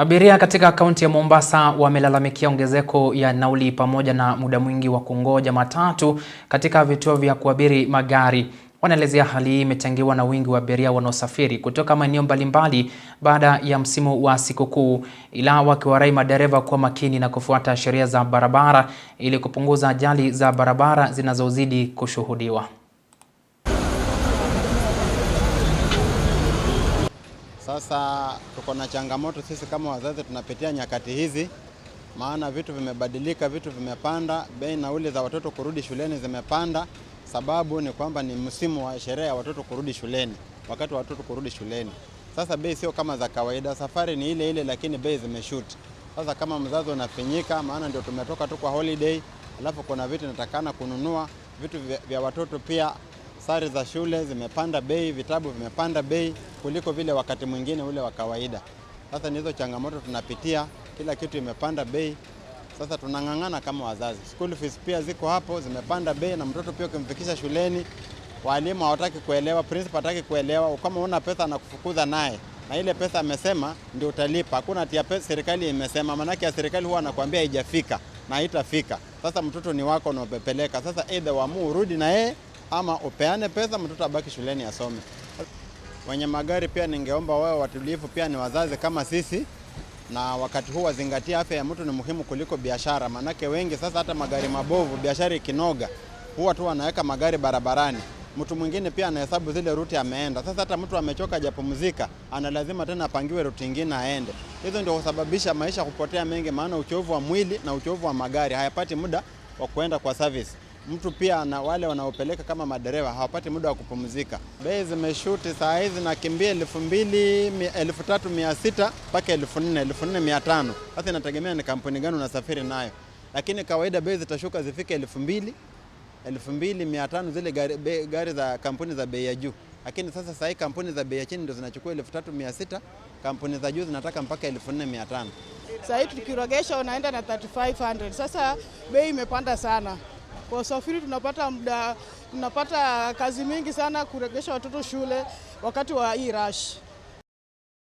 Abiria katika kaunti ya Mombasa wamelalamikia ongezeko ya nauli pamoja na muda mwingi wa kungoja matatu katika vituo vya kuabiri magari. Wanaelezea hali hii imechangiwa na wingi wa abiria wanaosafiri kutoka maeneo mbalimbali baada ya msimu wa sikukuu, ila wakiwarai madereva kuwa makini na kufuata sheria za barabara ili kupunguza ajali za barabara zinazozidi kushuhudiwa. Sasa tuko na changamoto sisi kama wazazi tunapitia nyakati hizi, maana vitu vimebadilika, vitu vimepanda, bei nauli za watoto kurudi shuleni zimepanda. Sababu ni kwamba ni msimu wa sherehe ya watoto kurudi shuleni, wakati wa watoto kurudi shuleni. Sasa bei sio kama za kawaida, safari ni ile ile, lakini bei zimeshuti. Sasa kama mzazi unafinyika, maana ndio tumetoka tu kwa holiday, alafu kuna vitu natakana kununua vitu vya watoto pia sare za shule zimepanda bei, vitabu vimepanda bei kuliko vile wakati mwingine ule wa kawaida. Sasa ni hizo changamoto tunapitia, kila kitu imepanda bei. Sasa tunang'ang'ana kama wazazi. School fees pia ziko hapo zimepanda bei, na mtoto pia ukimfikisha shuleni, walimu hawataki kuelewa, principal hataki kuelewa. Kama una pesa anakufukuza naye, na ile pesa amesema ndio utalipa. Hakuna tia pesa, serikali imesema. Maanake ya serikali huwa anakuambia haijafika na haitafika. Sasa mtoto ni wako unaopepeleka. Sasa either waamue urudi na yeye ama upeane pesa mtoto abaki shuleni asome. Wenye magari pia ningeomba wao watulivu, pia ni wazazi kama sisi, na wakati huu wazingatie afya ya mtu ni muhimu kuliko biashara, maanake wengi sasa hata magari mabovu, biashara ikinoga, huwa tu wanaweka magari barabarani. Mtu mwingine pia anahesabu zile ruti ameenda. Sasa hata mtu amechoka hajapumzika, ana lazima tena apangiwe ruti ingine aende. Hizo ndio husababisha maisha kupotea mengi, maana uchovu wa mwili na uchovu wa magari hayapati muda wa kuenda kwa service mtu pia na wale wanaopeleka kama madereva hawapati muda wa kupumzika. Bei zimeshuti saa hizi nakimbia elfu mbili elfu tatu mia sita mpaka elfu nne elfu nne mia tano Sasa inategemea ni kampuni gani unasafiri nayo, lakini kawaida bei zitashuka zifike elfu mbili elfu mbili mia tano zile gari, be, gari za kampuni za bei ya juu. Lakini sasa sahii kampuni za bei ya chini ndo zinachukua elfu tatu mia sita kampuni za juu zinataka mpaka elfu nne mia tano Sahii tukirogesha unaenda na 3500 sasa bei imepanda sana wasafiri tunapata muda, tunapata kazi mingi sana kuregesha watoto shule wakati wa hii rush.